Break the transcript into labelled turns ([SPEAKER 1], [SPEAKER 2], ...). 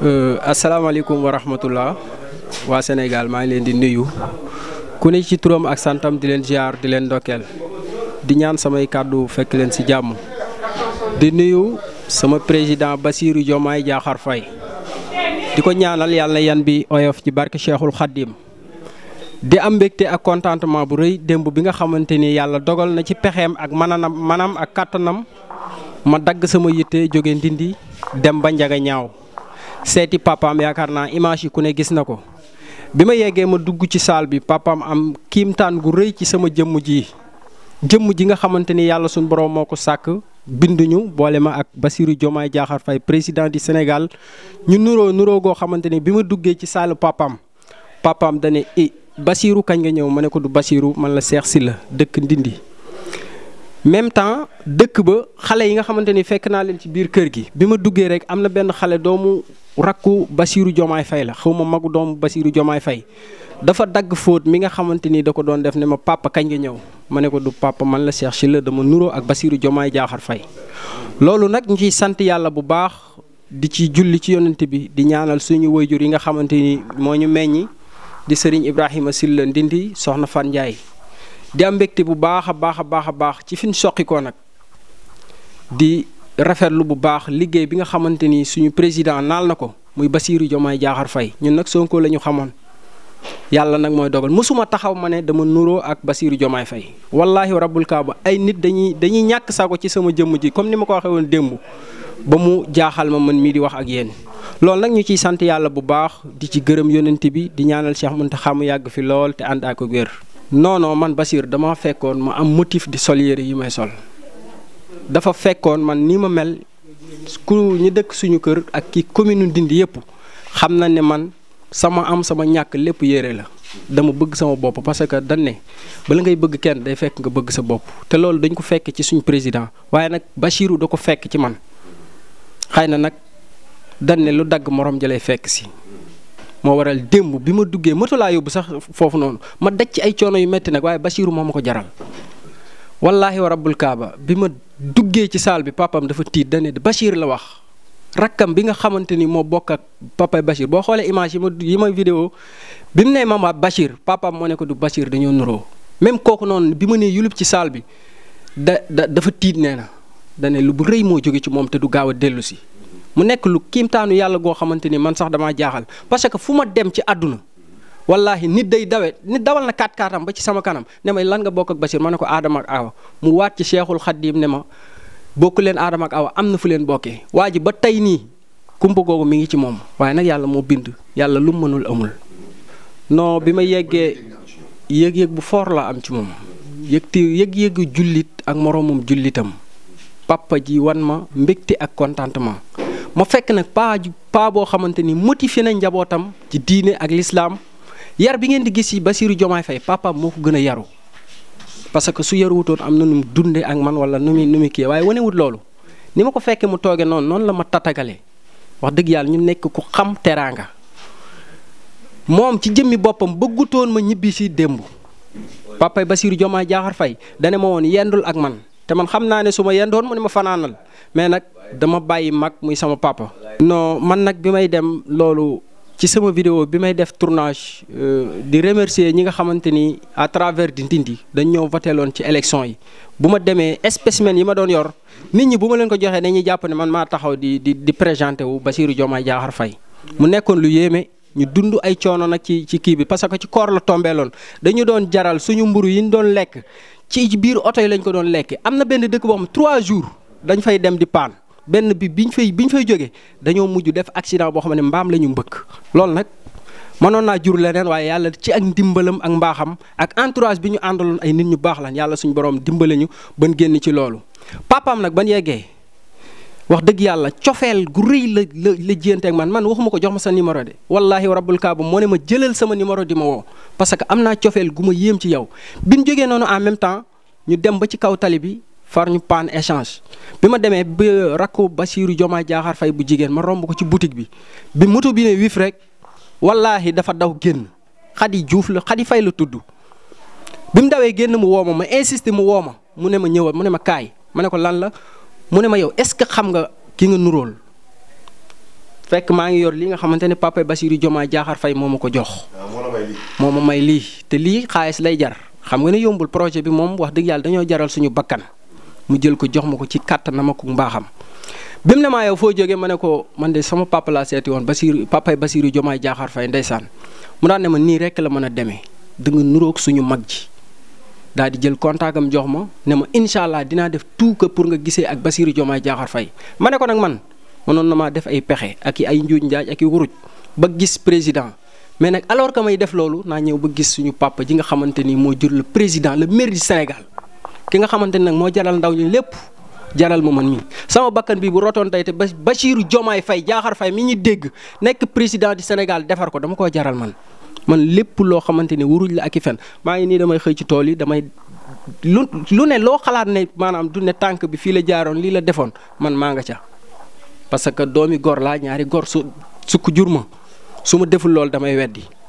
[SPEAKER 1] Euh, asalaamaaleykum wa rahmatullah waa Sénégal maa ngi leen di nuyu ku ne ci turam ak santam di leen genre di leen ndokkeel di ñaan samay kàddu fekk leen si jàmm di nuyu sama président Bassirou Diomaye Diakhar Faye di ko ñaanal yàlla yan bi oyof ci barke Cheikhul Khadim di am mbégte ak contentement bu rëy démb bi nga xamante ni yàlla dogal na ci pexeem ak mananam manam ak kàttanam ma dagg sama yitte jóge ndindi dem ba njaga ñaaw seeti papaam yaakaar naa image yi ku ne gis na ko bi ma yeggee ma dugg ci saal bi papaam am kiimtaan gu rëy ci sama jëmm ji jëmm ji nga xamante ni yàlla suñu borom moo ko sàkk binduñu boole ma ak Bassirou Diomaye Diakhar fay président di Sénégal ñu nuroo nuroo goo xamante ni bi ma duggee ci saalu papaam papaam dane i eh, Bassirou kañ nga ñëw ma ne ko du Bassirou man la si la dëkk Ndindi même temps dëkk ba xale yi nga xamante ni fekk naa leen ci biir kër gi bi ma duggee rek am na benn xale doomu rakku Bassirou jomaay Faye la xaw ma magu doomu Bassirou Diomaye Faye dafa dagg fóot mi nga xamante ni da ko doon def ne ma papa kañ nga ñëw ma ne ko du papa man la Cheikh Sylla dama nuroo ak Bassirou Diomaye Diakhar Faye loolu nag ñu ciy sant yàlla bu baax di ci julli ci yonent bi di ñaanal suñu wayjur yi nga xamante ni moo ñu meññi di sëriñ Ibrahima Sylla Ndindi soxna Fan Ndiaye di am mbégte bu baax a baax a baax a baax ci fi ñu soqikoo nag di rafetlu bu baax liggéey bi nga xamante ni suñu président naal na ko muy Bassirou Diomaye Diakhar fay ñun nag Sonko la ñu xamoon yàlla nag mooy dogal mosuma taxaw ma ne dama nuroo ak Bassirou Diomaye Faye wallaahi rabbul kaaba ay nit dañuy dañuy ñàkk sago ci sama jëmm ji comme ni ma ko waxee woon démb ba mu jaaxal ma mën mii di wax ak yéen loolu nag ñu ciy sant yàlla bu baax di ci gërëm yonent bi di ñaanal Cheikh Mountakha mu yàgg fi lool te ànd ak non man Basir dama fekkoon ma am motif di sol yére yi may sol dafa fekkoon man ni ma mel ku ñu dëkk suñu kër ak ki commune dindi yëpp xam na ne man sama am sama ñàkk lépp yére la dama bëgg sama bopp parce que dañ bala ngay bëgg kenn day fekk nga bëgg sa bopp te loolu dañ ko fekk ci suñu président waaye nag Bassirou da ko fekk ci man xëy na nag dañ lu dagg moroom ja fekk si. moo waral démb bi ma duggee moto laa yóbbu sax foofu noonu ma daj ci ay coono yu métti nag waaye Basiiru moom ma ko jaral wallaahi wa rabbul kaaba bi ma duggee ci saal bi papam dafa tiit dane Bachir la wax rakkam bi nga xamante ni moo bokk papa Bachir boo xoolee image yi ma ma vidéo bi mu ne mama Bachir papam moo ne du Bachir dañoo nuroo même kooku noonu bi ma nee yulub ci saal bi da dafa tiit nee na dane lu bu rëy moo jóge ci moom te du gaaw a dellu si mu nekk lu kiimtaanu yàlla goo xamante ni man sax damaa jaaxal parce que fu ma dem ci àdduna wallahi nit day dawe nit dawal na kaat kaatam ba ci sama kanam ne may lan nga bokk ak Bachir ma ne ko Adama ak Awa mu waat ci Cheikhul Khadim ne ma bokk leen Adama ak Awa am na fu leen bokkee waa ji ba tey nii kumpa googu mi ngi ci moom waaye nag yàlla moo bind yàlla lu mu mënul amul non bi ma yeggee yéeg yëg bu foor la am ci moom yëg te yëg-yëgu jullit ak moroomum jullitam papa ji wan ma mbégte ak contentement. ma fekk nag paa paa boo xamante ni motivé na njabootam ci diine ak lislaam yar bi ngeen di gis yi Bassirou Diomaye Faye papaam moo ko gën a yaru parce que su yaruwutoon am na nu mu dundee ak man wala nu muy nu muy kii waaye wanewut loolu ni ma ko fekkee mu tooge noonu noonu la ma tatagalee wax dëgg yàlla ñu nekk ku xam teraanga moom ci jëmmi boppam bëggutoon ma ñibbi si démb papay Bassirou Diomaye Diakhar Faye dane ma woon yendul ak man te man xam naa ne su ma yendoon mu ne ma fanaanal mais nag dama bàyyi mag muy sama papa. non man nag bi may dem loolu ci sama vidéo bi may def tournage euh, di remercier ñi nga xamante ni à travers di Ndindi dañ ñëw voteloon ci élection yi bu ma demee spécimen yi ma doon yor nit ñi bu ma leen ko joxee dañuy jàpp ne man maa taxaw di di di présenté wu Bassirou Diomaye Diakhar Faye mu nekkoon lu yéeme. ñu dund ay coono nag ci ci kii bi parce que ci koor la tombeeloon dañu doon jaral suñu mburu yi ñu doon lekk ci biir oto yi lañ ko doon lekk am na benn dëkk boo xam trois jours dañ fay dem di paan benn bi biñ fay biñ fay jógee dañoo mujj def accident boo xam ne mbaam la ñu mbëkk loolu nag mënoon naa jur leneen waaye yàlla ci ak ndimbalam ak mbaaxam ak entourage bi ñu àndaloon ay nit ñu baax lan yàlla suñu borom dimbale ñu ban génn ci loolu papaam nag ban yeggee wax dëgg yàlla cofeel gu rëy la la la jéenteeg man man waxuma ko jox ma sa numéro de wallaahi rabbul kaaba moo ne ma jëlal sama numéro di ma woo parce que am naa cofeel gu ma yéem ci yow bi ñu jógee noonu en même temps ñu dem ba ci kaw tali bi far ñu paan échange bi ma demee ba rakku Basiiru jomaa Jaaxaar Fay bu jigéen ma romb ko ci boutique bi bi moto bi ne wif rek wallaahi dafa daw génn Xadi Juuf la Xadi Fay la tudd bi mu dawee génn mu woo ma ma insisté mu woo ma mu ne ma ñëwal mu ne ma kaay ma ne mu ne ma yow est-ce que xam nga ki nga nuróol fekk maa ngi yor li nga xamante ne papa Bassirou Diomaye Diakhar fay moo ma ko jox. Ah, moo ma may lii te lii xaalis lay jar xam nga ne yombul projet bi moom wax dëgg yàlla dañoo jaral suñu bakkan mu jël ko jox ma ko ci ma ak mbaaxam. bi mu ne maa yow foo jógee ma ne ko man de sama papa laa seeti woon Bassirou papay Bassirou Diomaye Diakhar fay ndeysaan mu daan ne ma nii rek la mën a demee da nga suñu mag ji. daal di jël contact am jox ma ne ma incha allah dinaa def tout pour nga gisee ak Bassirou Diomaye Diakhar fay ma ne ko nag man mënoon na maa def ay pexe ak i ay njuuj ak i ba gis président mais nag alors que may def loolu naa ñëw ba gis suñu papa ji nga xamante ni moo jur le président le maire du ki nga xamante ni nag moo jaral ndaw ñi lépp jaral ma man mi sama bakkan bi bu rotoon tey te Bassirou Diomaye fay Diakhar fay mi ñu dégg nekk président di Sénégal defar ko dama koo jaral man. man lépp loo xamante ne wuruj la ak i fen maa ngi nii damay xëy ci tool yi damay lu lu ne loo xalaat ne maanaam du ne tànk bi fii la jaaroon lii la defoon man maa nga ca parce que doomi gor laa ñaari gor su sukk jur su ma deful loolu damay weddi